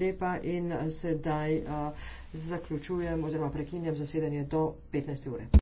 lepa in sedaj uh, zaključujem oziroma prekinjam zasedanje do 15. ure.